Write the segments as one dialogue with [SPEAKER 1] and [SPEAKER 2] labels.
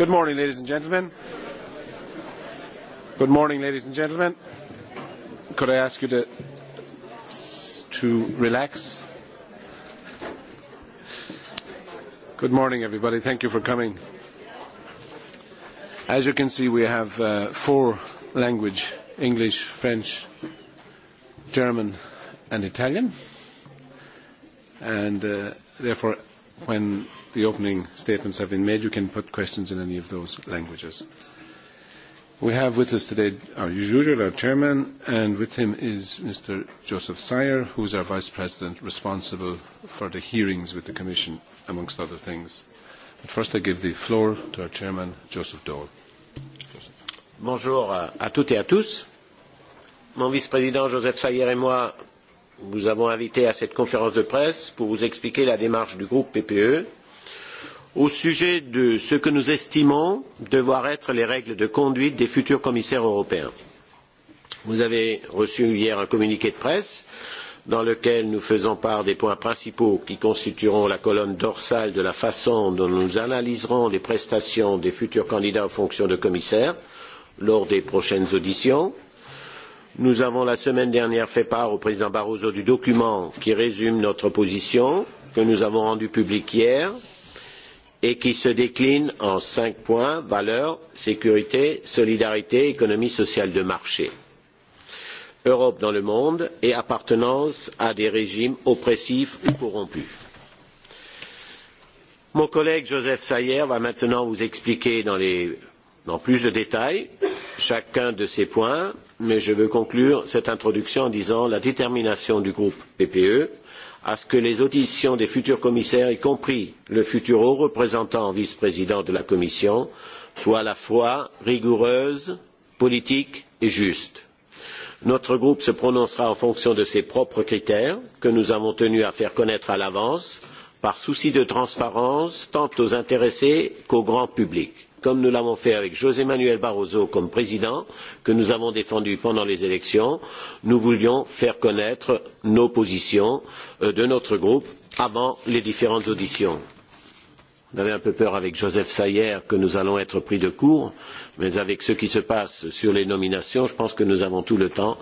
[SPEAKER 1] Good morning, ladies and gentlemen. Good morning, ladies and gentlemen. Could I ask you to, to relax? Good morning, everybody. Thank you for coming. As you can see, we have uh, four language, English, French, German, and Italian. And uh, therefore, when the opening statements have been made, you can put questions in any of those languages. We have with us today, our usual, our chairman, and with him is Mr. Joseph Sire, who is our vice president responsible for the hearings with the Commission, amongst other things. But first, I give the floor to our chairman, Joseph Dole. Bonjour à, uh, à toutes et à tous. Mon
[SPEAKER 2] vice-président Joseph Sayer et moi vous avons invité à cette conférence de presse pour vous expliquer la démarche du groupe PPE au sujet de ce que nous estimons devoir être les règles de conduite des futurs commissaires européens. Vous avez reçu hier un communiqué de presse dans lequel nous faisons part des points principaux qui constitueront la colonne dorsale de la façon dont nous analyserons les prestations des futurs candidats aux fonctions de commissaire lors des prochaines auditions. Euh, Nous avons la semaine dernière fait part au président Barroso du document qui résume notre position, que nous avons rendu public hier et qui se décline en cinq points valeurs, sécurité, solidarité, économie sociale de marché, Europe dans le monde et appartenance à des régimes oppressifs ou corrompus. Mon collègue Joseph Sayer va maintenant vous expliquer dans, les, dans plus de détails chacun de ces points, mais je veux conclure cette introduction en disant la détermination du groupe PPE à ce que les auditions des futurs commissaires, y compris le futur haut représentant vice-président de la Commission, soient à la fois rigoureuses, politiques et justes. Notre groupe se prononcera en fonction de ses propres critères, que nous avons tenu à faire connaître à l'avance, par souci de transparence tant aux intéressés qu'au grand public comme nous l'avons fait avec José Manuel Barroso comme président, que nous avons défendu pendant les élections, nous voulions faire connaître nos positions euh, de notre groupe avant les différentes auditions. On avait un peu peur avec Joseph Sayer que nous allons être pris de court, mais avec ce qui se passe sur les nominations, je pense que nous avons tout le temps,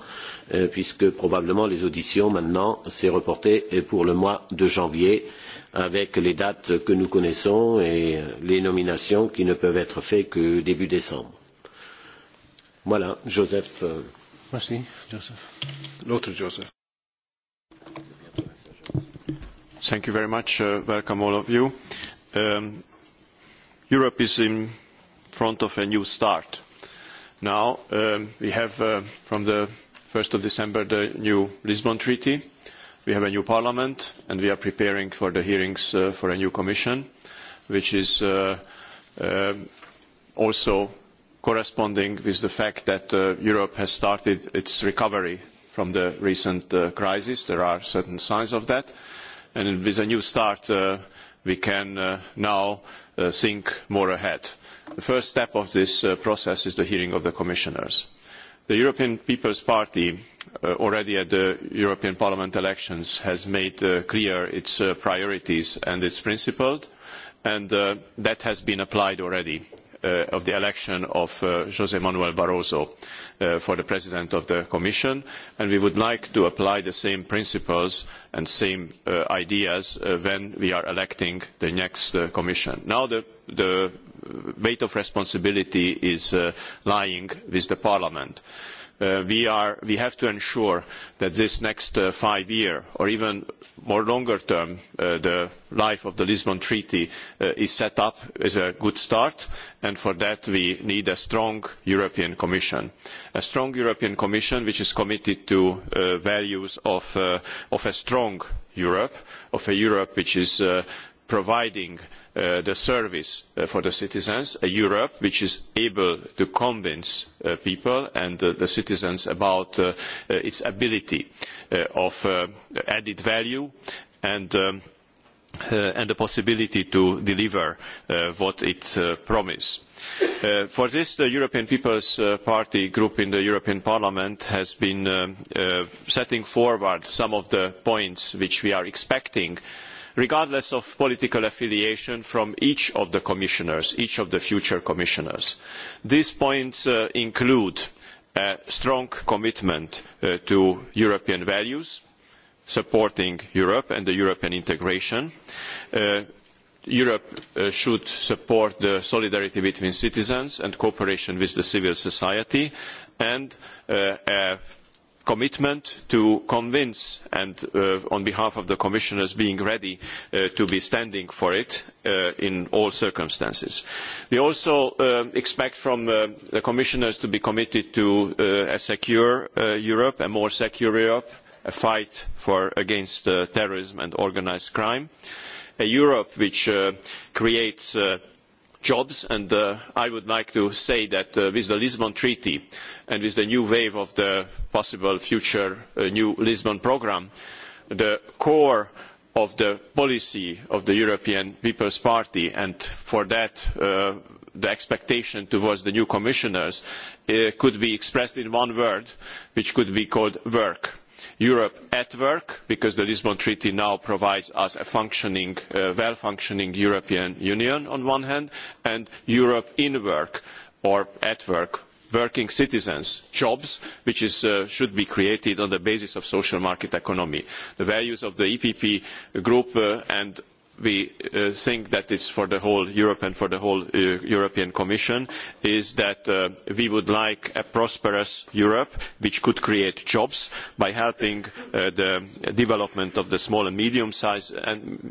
[SPEAKER 2] euh, puisque probablement les auditions maintenant s'est reporté pour le mois de janvier. Euh, avec les dates que nous connaissons et les nominations qui ne peuvent être faites que début décembre.
[SPEAKER 3] Voilà, Joseph. Euh,
[SPEAKER 1] Merci, Joseph. L'autre Joseph.
[SPEAKER 3] Thank you very much. Uh, welcome all of you. Um, Europe is in front of a new start. Now um, we have uh, from the 1st of December the new Lisbon Treaty We have a new parliament, and we are preparing for the hearings uh, for a new commission, which is uh, uh, also corresponding with the fact that uh, Europe has started its recovery from the recent uh, crisis. There are certain signs of that. And with a new start, uh, we can uh, now uh, think more ahead. The first step of this uh, process is the hearing of the commissioners the european people's party uh, already at the european parliament elections has made uh, clear its uh, priorities and its principles and uh, that has been applied already uh, of the election of uh, Jose Manuel Barroso uh, for the President of the Commission, and we would like to apply the same principles and same uh, ideas uh, when we are electing the next uh, Commission. Now the, the weight of responsibility is uh, lying with the Parliament. Uh, uh, we, are, we have to ensure that this next uh, five year or even more longer term, uh, the life of the Lisbon Treaty uh, is set up as a good start, and for that we need a strong European Commission. A strong European Commission which is committed to uh, values of, uh, of a strong Europe, of a Europe which is uh, providing uh, uh, the service uh, for the citizens, a uh, Europe which is able to convince uh, people and uh, the citizens about uh, uh, its ability uh, of uh, added value and um, uh, and the possibility to deliver uh, what it uh, promised. Uh, for this, the European People's uh, Party group in the European Parliament has been uh, uh, setting forward some of the points which we are expecting uh, regardless of political affiliation from each of the commissioners, each of the future commissioners. These points uh, include a strong commitment uh, to European values, supporting Europe and the European integration. Uh, Europe uh, should support the solidarity between citizens and cooperation with the civil society and uh, a commitment to convince and uh, on behalf of the commissioners being ready uh, to be standing for it uh, in all circumstances. We also uh, expect from uh, the commissioners to be committed to uh, a secure uh, Europe, a more secure Europe, a fight for against uh, terrorism and organized crime, a Europe which uh, creates uh, jobs and uh, I would like to say that uh, with the Lisbon Treaty and with the new wave of the possible future uh, new Lisbon programme, the core of the policy of the European People's Party and for that uh, the expectation towards the new commissioners uh, could be expressed in one word which could be called work Europe at work, because the Lisbon Treaty now provides us a functioning, uh, well-functioning European Union on one hand, and Europe in work or at work, working citizens, jobs, which is, uh, should be created on the basis of social market economy. The values of the EPP group uh, and we uh, think that it's for the whole Europe and for the whole uh, European Commission is that uh, we would like a prosperous Europe which could create jobs by helping uh, the development of the small and medium-sized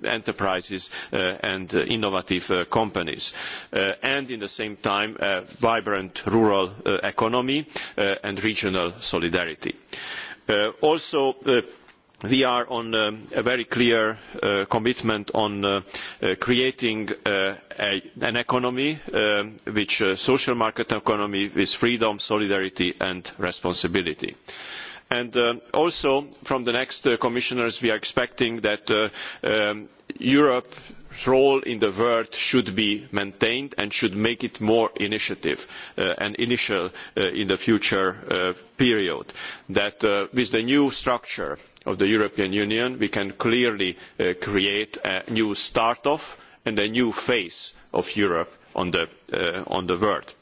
[SPEAKER 3] enterprises uh, and uh, innovative uh, companies. Uh, and in the same time, a vibrant rural uh, economy uh, and regional solidarity. Uh, also, uh, we are on um, a very clear uh, commitment on uh, uh, creating uh, a, an economy um, which uh, social market economy with freedom solidarity and responsibility and uh, also from the next uh, commissioners we are expecting that uh, um, europe role in the world should be maintained and should make it more initiative uh, and initial uh, in the future uh, period. That uh, with the new structure of the European Union, we can clearly uh, create a new start-off and a new face of Europe on the, uh, on the world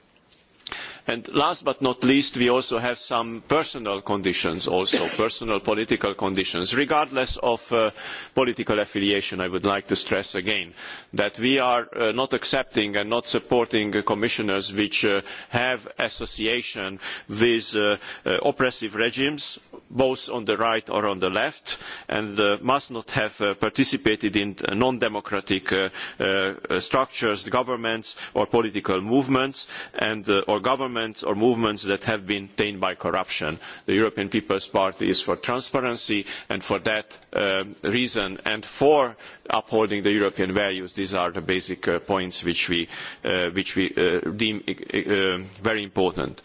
[SPEAKER 3] And last but not least, we also have some personal conditions also, personal political conditions, regardless of uh, political affiliation. I would like to stress again that we are uh, not accepting and not supporting uh, commissioners which uh, have association with uh, uh, oppressive regimes both on the right or on the left and uh, must not have uh, participated in uh, non-democratic uh, uh, structures, governments or political movements and, uh, or governments or movements that have been tainted by corruption. The European People's Party is for transparency and for that uh, reason and for upholding the European values, these are the basic uh, points which we, uh, which we uh, deem uh, uh very important.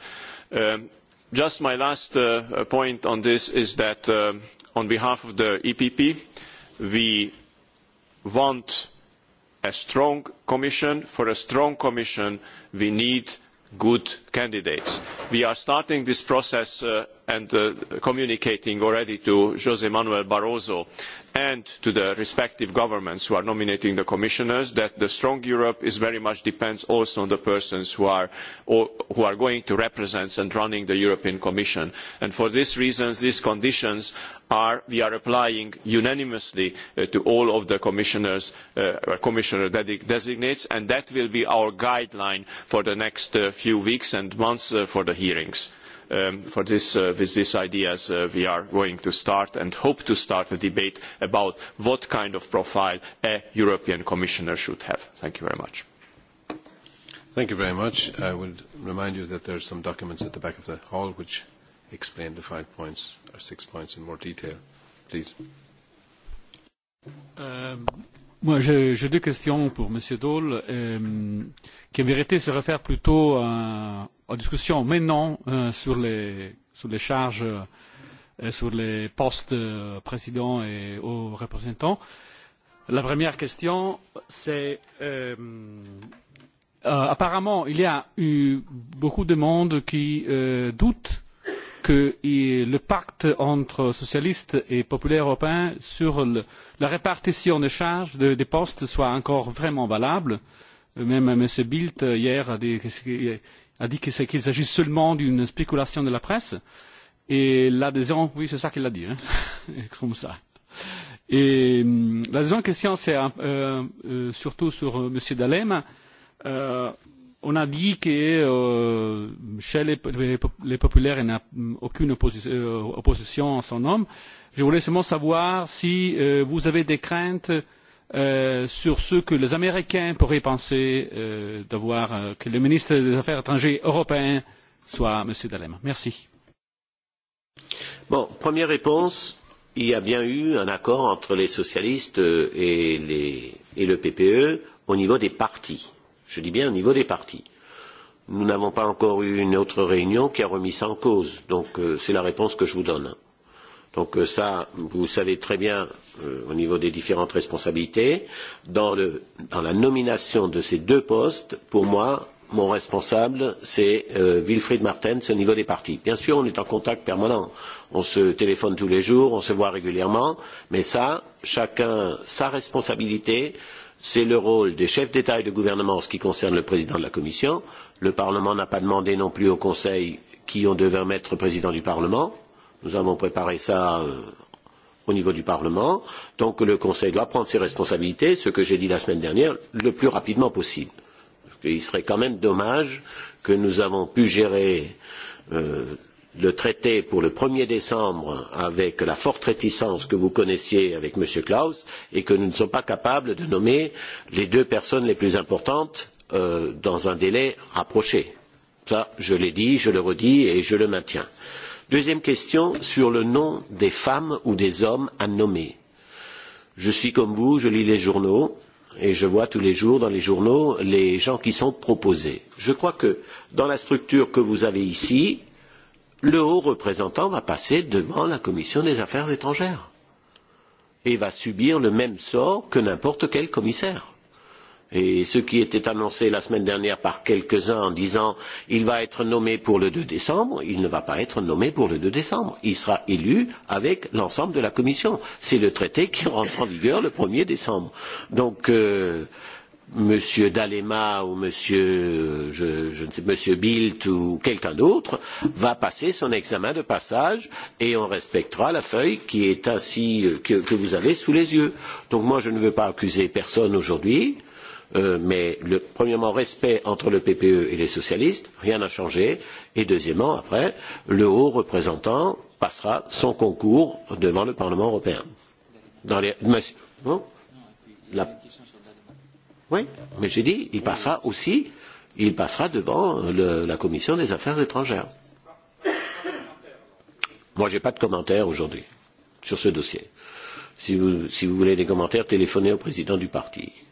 [SPEAKER 3] Um, Just my last uh, uh, point on this is that uh, on behalf of the EPP, we want a strong commission. For a strong commission, we need good candidates. We are starting this process uh, and uh, communicating already to José Manuel Barroso and to the respective governments who are nominating the commissioners that the strong Europe is very much depends also on the persons who are, or, who are going to represent and running the European Commission. And for these reasons, these conditions are, we are applying unanimously uh, to all of the commissioners, uh, commissioner designates, and that will be our guideline for the next uh, few weeks and months uh, for the hearings. Um, for this, uh, with these ideas, uh, we are going to start and hope to start a debate about what kind of profile a European Commissioner should have. Thank you very much.
[SPEAKER 1] Thank you very much. I would remind you that there are some documents at the back of the hall which explain the five points or six points in more detail. Please.
[SPEAKER 4] Um, Moi, j'ai deux questions pour M. Daul, euh, qui en vérité se réfèrent plutôt à, à discussion maintenant euh, sur, les, sur les charges, euh, sur les postes euh, président et aux représentants. La première question, c'est euh, euh, apparemment, il y a eu beaucoup de monde qui euh, doutent que le pacte entre socialistes et populaires européens sur le, la répartition des charges de, des postes soit encore vraiment valable. Euh, même M. Bildt euh, hier a dit, a dit qu'il qu s'agit seulement d'une spéculation de la presse. Et l'adhésion, oui, c'est ça qu'il a dit, hein, comme ça. Et la deuxième question, c'est euh, euh, surtout sur euh, M. Dalem. Euh, on a dit que euh, chez les, les, les populaires, il n'y a aucune opposition, euh, opposition à son nom. Je voulais seulement savoir si euh, vous avez des craintes euh, sur ce que les Américains pourraient penser euh, d'avoir euh, que le ministre des Affaires étrangères européen soit M. Dalem. Merci.
[SPEAKER 2] Bon, première réponse. Il y a bien eu un accord entre les socialistes euh, et, les, et le PPE au niveau des partis Je dis bien au niveau des partis. Nous n'avons pas encore eu une autre réunion qui a remis ça en cause. Donc euh, c'est la réponse que je vous donne. Donc euh, ça, vous savez très bien euh, au niveau des différentes responsabilités. Dans, le, dans la nomination de ces deux postes, pour moi, mon responsable, c'est euh, Wilfried Martens au niveau des partis. Bien sûr, on est en contact permanent. On se téléphone tous les jours, on se voit régulièrement, mais ça, chacun sa responsabilité. C'est le rôle des chefs d'État et de gouvernement en ce qui concerne le président de la Commission. Le Parlement n'a pas demandé non plus au Conseil qui on devait mettre président du Parlement. Nous avons préparé ça euh, au niveau du Parlement. Donc le Conseil doit prendre ses responsabilités, ce que j'ai dit la semaine dernière, le plus rapidement possible. Euh, Il serait quand même dommage que nous avons pu gérer euh, le traité pour le 1er décembre avec la forte réticence que vous connaissiez avec M. Klaus et que nous ne sommes pas capables de nommer les deux personnes les plus importantes euh, dans un délai rapproché. Ça, je l'ai dit, je le redis et je le maintiens. Deuxième question sur le nom des femmes ou des hommes à nommer. Je suis comme vous, je lis les journaux, et je vois tous les jours dans les journaux les gens qui sont proposés. Je crois que dans la structure que vous avez ici, le haut représentant va passer devant la commission des affaires étrangères et va subir le même sort que n'importe quel commissaire. Et ce qui était annoncé la semaine dernière par quelques-uns en disant il va être nommé pour le 2 décembre, il ne va pas être nommé pour le 2 décembre. Il sera élu avec l'ensemble de la Commission. C'est le traité qui rentre en vigueur le 1er décembre. Donc, euh, Monsieur Dalema ou Monsieur, je, je ne sais, Monsieur Bilt ou quelqu'un d'autre va passer son examen de passage et on respectera la feuille qui est ainsi euh, que, que vous avez sous les yeux. Donc moi je ne veux pas accuser personne aujourd'hui. Euh, euh, mais le, premièrement, respect entre le PPE et les socialistes, rien n'a changé, et deuxièmement, après, le haut représentant passera son concours devant le Parlement européen. Dans les, monsieur, bon, la, oui, mais j'ai dit, il passera aussi, il passera devant le, la commission des affaires étrangères. Moi, j'ai pas de commentaires aujourd'hui sur ce dossier. Si vous, si vous voulez des commentaires, téléphonez au président du parti. Euh,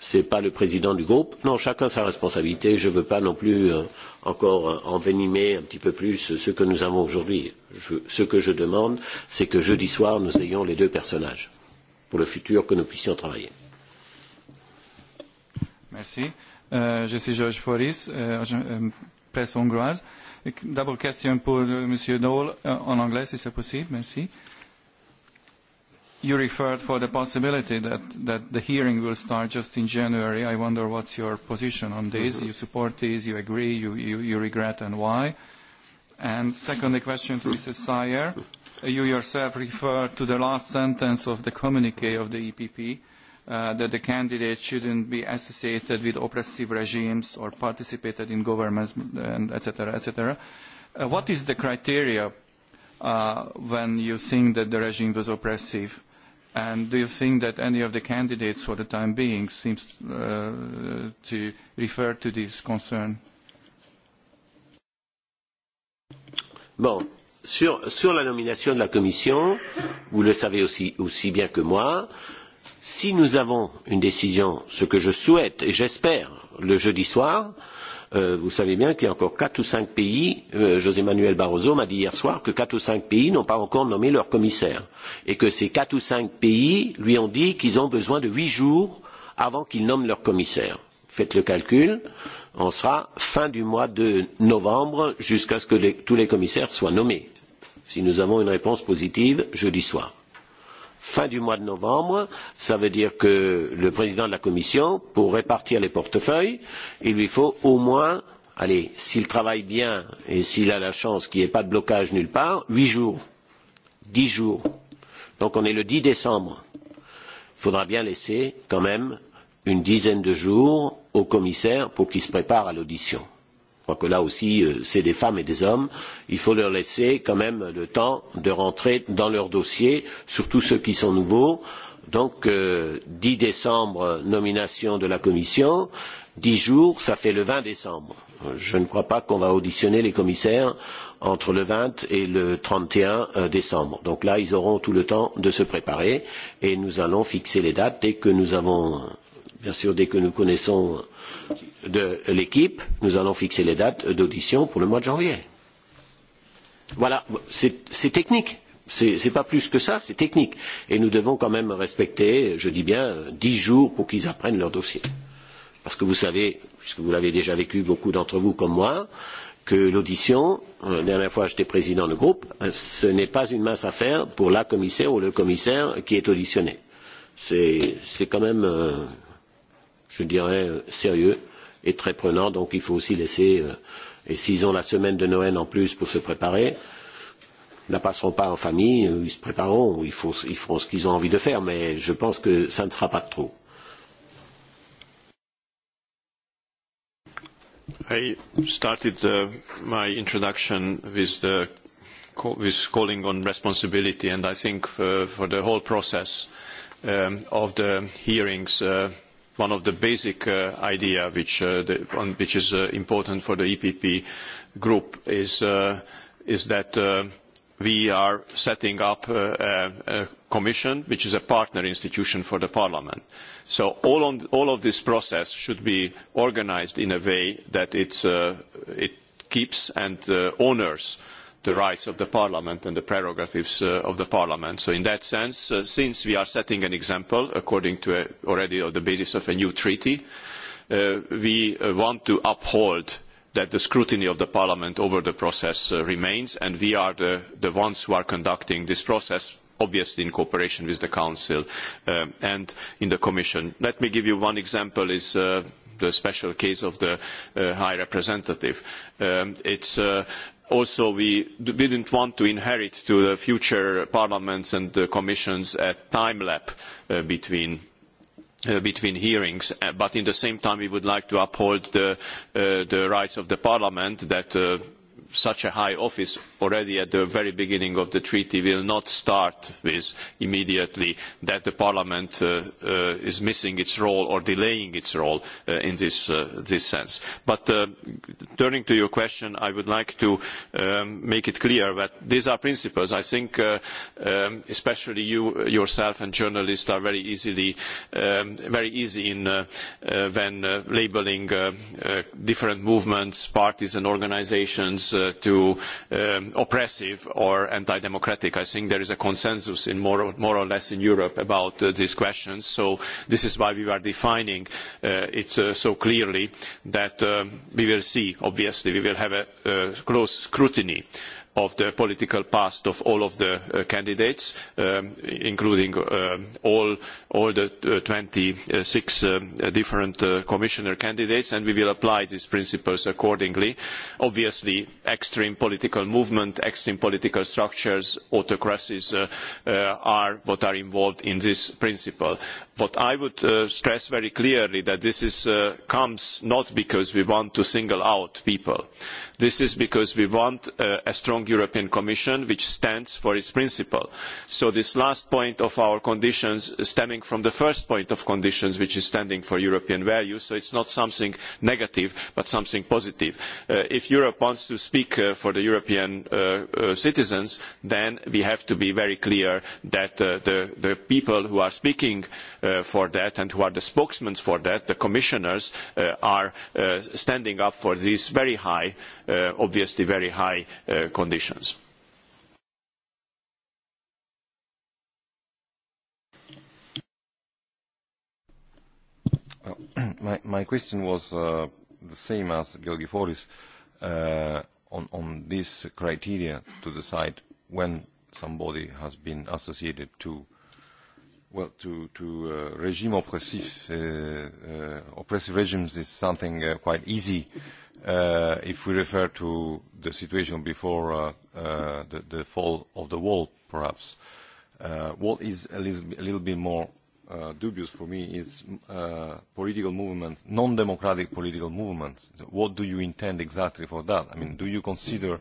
[SPEAKER 2] c'est pas le président du groupe. Non, chacun sa responsabilité. Je ne veux pas non plus euh, encore euh, envenimer un petit peu plus ce que nous avons aujourd'hui. Je, ce que je demande, c'est que jeudi soir, nous ayons les deux personnages pour le futur que nous puissions travailler.
[SPEAKER 5] Merci. Euh, je suis Georges Foris, euh, euh, presse hongroise. D'abord, question pour euh, M. Dole euh, en anglais, si c'est possible. Merci. Euh, you referred for the possibility that, that the hearing will start just in January. I wonder what's your position on this. Mm-hmm. You support this, you agree, you, you, you regret, and why? And secondly, question to Mrs. Sayer. You yourself referred to the last sentence of the communique of the EPP uh, that the candidates shouldn't be associated with oppressive regimes or participated in governments, and et cetera, et cetera. Uh, what is the criteria uh, when you think that the regime was oppressive? And do you think that any of the candidates for the time being seems uh, to refer to this concern?
[SPEAKER 2] Bon. Sur, sur la nomination de la Commission, vous le savez aussi, aussi bien que moi, si nous avons une décision, ce que je souhaite et j'espère le jeudi soir, euh, Euh, vous savez bien qu'il y a encore quatre ou cinq pays, euh, José Manuel Barroso m'a dit hier soir que quatre ou cinq pays n'ont pas encore nommé leur commissaire et que ces quatre ou cinq pays lui ont dit qu'ils ont besoin de huit jours avant qu'ils nomment leur commissaire. Faites le calcul, on sera fin du mois de novembre jusqu'à ce que les, tous les commissaires soient nommés. Si nous avons une réponse positive jeudi soir fin du mois de novembre. Ça veut dire que le président de la Commission, pour répartir les portefeuilles, il lui faut au moins, allez, s'il travaille bien et s'il a la chance qu'il n'y ait pas de blocage nulle part, huit jours, dix jours. Donc on est le 10 décembre. Il faudra bien laisser quand même une dizaine de jours au commissaire pour qu'il se prépare à l'audition crois que là aussi, euh, c'est des femmes et des hommes. Il faut leur laisser quand même le temps de rentrer dans leurs dossiers, surtout ceux qui sont nouveaux. Donc, euh, 10 décembre, nomination de la Commission. 10 jours, ça fait le 20 décembre. Je ne crois pas qu'on va auditionner les commissaires entre le 20 et le 31 euh, décembre. Donc là, ils auront tout le temps de se préparer et nous allons fixer les dates dès que nous avons, bien sûr, dès que nous connaissons euh, de l'équipe, nous allons fixer les dates d'audition pour le mois de janvier. Voilà, c'est technique. C'est pas plus que ça, c'est technique. Et nous devons quand même respecter, je dis bien, dix jours pour qu'ils apprennent leur dossier. Parce que vous savez, puisque vous l'avez déjà vécu beaucoup d'entre vous comme moi, que l'audition, euh, la dernière fois j'étais président de groupe, euh, ce n'est pas une mince affaire pour la commissaire ou le commissaire qui est auditionné. C'est quand même, euh, je dirais, euh, sérieux est très prenant, donc il faut aussi laisser, euh, et s'ils ont la semaine de Noël en plus pour se préparer, ne la passeront pas en famille, euh, ils se prépareront, ils, faut, ils feront ce qu'ils ont envie de faire, mais je pense que ça ne sera pas de trop.
[SPEAKER 3] I started uh, my introduction with, the, with calling on responsibility, and I think for, uh, for the whole process um, of the hearings, uh, one of the basic uh, idea which, uh, the, on, which is uh, important for the EPP group is, uh, is that uh, we are setting up a, uh, a, a commission which is a partner institution for the parliament. So all, on, all of this process should be organized in a way that it's, uh, it keeps and uh, honors uh, the rights of the parliament and the prerogatives uh, of the parliament. So in that sense, uh, since we are setting an example according to a, uh, already on the basis of a new treaty, uh, we uh, want to uphold that the scrutiny of the parliament over the process uh, remains and we are the, the ones who are conducting this process obviously in cooperation with the council um, and in the commission. Let me give you one example is uh, the special case of the uh, High Representative. Um, it's uh, also we didn't want to inherit to the future parliaments and the uh, commissions a time lap uh, between uh, between hearings, uh, but in the same time we would like to uphold the, uh, the rights of the parliament that uh, such a high office already at the very beginning of the treaty will not start with immediately that the parliament uh, uh, is missing its role or delaying its role uh, in this, uh, this sense. But uh, turning to your question, I would like to um, make it clear that these are principles. I think uh, um, especially you yourself and journalists are very easily, um, very easy in uh, uh, when uh, labeling uh, uh, different movements, parties and organizations uh, uh, to um, oppressive or anti-democratic. I think there is a consensus in more or, more or less in Europe about uh, these questions. So this is why we are defining uh, it uh, so clearly that um, we will see, obviously, we will have a uh, close scrutiny uh, of the political past of all of the uh, candidates, um, including uh, all, all the uh, 26 uh, um, different uh, commissioner candidates, and we will apply these principles accordingly. Obviously, extreme political movement, extreme political structures, autocracies uh, uh, are what are involved in this principle. What I would uh, stress very clearly that this is, uh, comes not because we want to single out people. This is because we want uh, a strong strong European Commission which stands for its principle. So this last point of our conditions stemming from the first point of conditions which is standing for European values, so it's not something negative but something positive. Uh, if Europe wants to speak uh, for the European uh, uh, citizens, then we have to be very clear that uh, the, the people who are speaking uh, for that and who are the spokesmen for that, the commissioners, uh, are uh, standing up for these very high, uh, obviously very high uh, conditions conditions.
[SPEAKER 5] Uh, my, my question was uh, the same as Georgiforis uh, on, on this criteria to decide when somebody has been associated to well to to uh, regime oppressive uh, uh, oppressive regimes is something uh, quite easy uh, Uh, if we refer to the situation before uh, uh, the, the fall of the wall, perhaps, uh, what is a little, a little bit more uh, dubious for me is uh, political movements, non-democratic political movements. What do you intend exactly for that? I mean, do you consider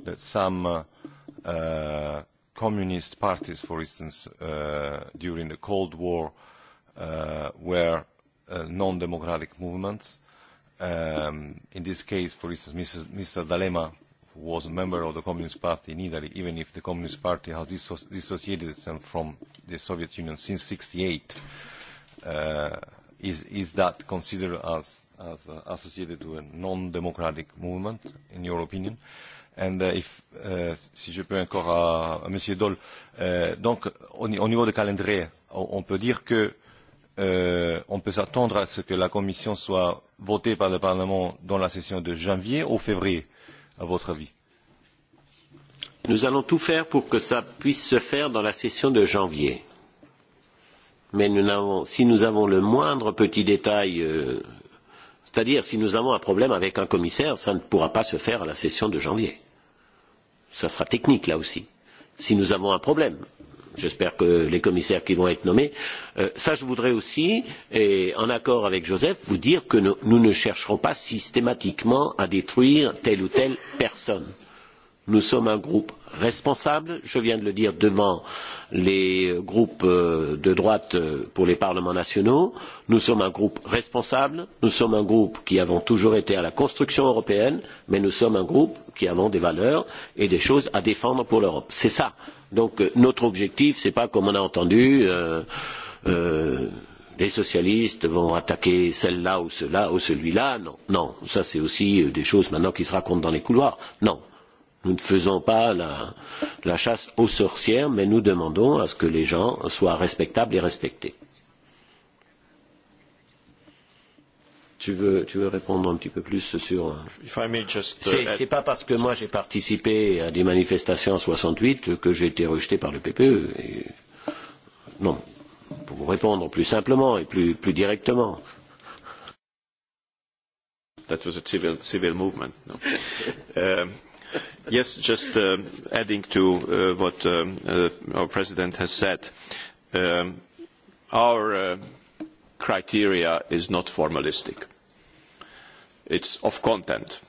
[SPEAKER 5] that some communist parties, for instance, during the Cold War, were non-democratic movements? um, in this case, for instance, Mrs., Mr. D'Alema, who was a member of the Communist Party in Italy, even if the Communist Party has disso dissociated itself from the Soviet Union since 68, uh, is, is that considered as, as uh, associated to a non-democratic movement, in your opinion And uh, if, euh, si je peux encore à, à M. Dole, euh, donc au, au niveau de calendrier, on, on peut dire que euh, euh, on peut s'attendre à ce que la Commission
[SPEAKER 2] soit votée par le Parlement dans la session de janvier ou février, à votre avis Nous allons tout faire pour que ça puisse se faire dans la session de janvier. Mais nous avons, si nous avons le moindre petit détail, euh, c'est-à-dire si nous avons un problème avec un commissaire, ça ne pourra pas se faire à la session de janvier. Ça sera technique là aussi. Si nous avons un problème, j'espère que les commissaires qui vont être nommés. Euh, ça, je voudrais aussi, et en accord avec Joseph, vous dire que nous, nous ne chercherons pas systématiquement à détruire telle ou telle personne. Nous sommes un groupe responsable, je viens de le dire devant les groupes euh, de droite euh, pour les parlements nationaux. Nous sommes un groupe responsable, nous sommes un groupe qui avons toujours été à la construction européenne, mais nous sommes un groupe qui avons des valeurs et des choses à défendre pour l'Europe. C'est ça Donc euh, notre objectif, c'est pas comme on a entendu, euh, euh, les socialistes vont attaquer celle-là ou cela ou celui-là. Non, non, ça c'est aussi euh, des choses maintenant qui se racontent dans les couloirs. Non, nous ne faisons pas la, la chasse aux sorcières, mais nous demandons à ce que les gens soient respectables et respectés. Tu veux, tu veux répondre un petit peu plus sur. Euh, just... Uh, c'est pas parce que moi j'ai participé à des manifestations en 68 que j'ai été rejeté par le PPE. Et... Non, pour vous répondre plus simplement et plus, plus directement.
[SPEAKER 3] That was a civil, civil movement. No. uh, yes, just uh, adding to uh, what um, uh, our president has said. Um, our uh, criteria is not formalistic. It's of content.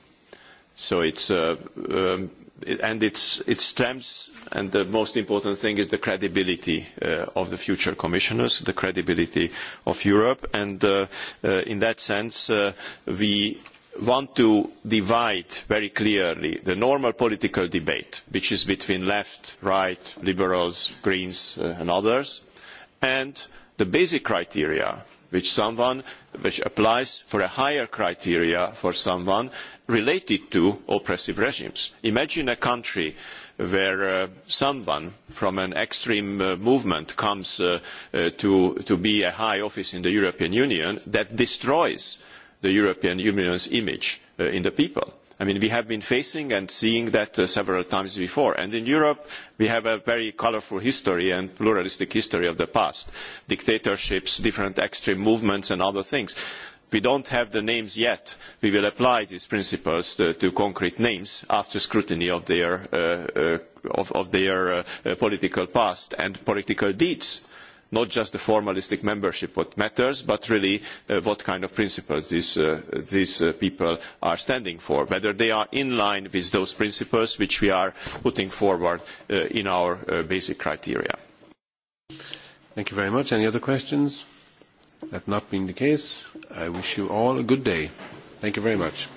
[SPEAKER 3] So it's, uh, um, it, and it's, it stems, and the most important thing is the credibility uh, of the future commissioners, the credibility of Europe. And uh, uh, in that sense, uh, we want to divide very clearly the normal political debate, which is between left, right, liberals, greens, uh, and others, and the basic criteria which someone which applies for a higher criteria for someone related to oppressive regimes. Imagine a country where uh, someone from an extreme uh, movement comes uh, uh, to, to be a high office in the European Union that destroys the European Union's image uh, in the people I mean, we have been facing and seeing that uh, several times before. And in Europe, we have a very colorful history and pluralistic history of the past. Dictatorships, different extreme movements and other things. We don't have the names yet. We will apply these principles to, to concrete names after scrutiny of their, uh, uh, of, of their uh, uh, political past and political deeds. Uh, not just the formalistic membership what matters, but really uh, what kind of principles these, uh, these uh, people are standing for, whether they are in line with those principles which we are putting forward uh, in our uh, basic criteria.
[SPEAKER 1] Thank you very much. Any other questions? That not being the case, I wish you all a good day. Thank you very much.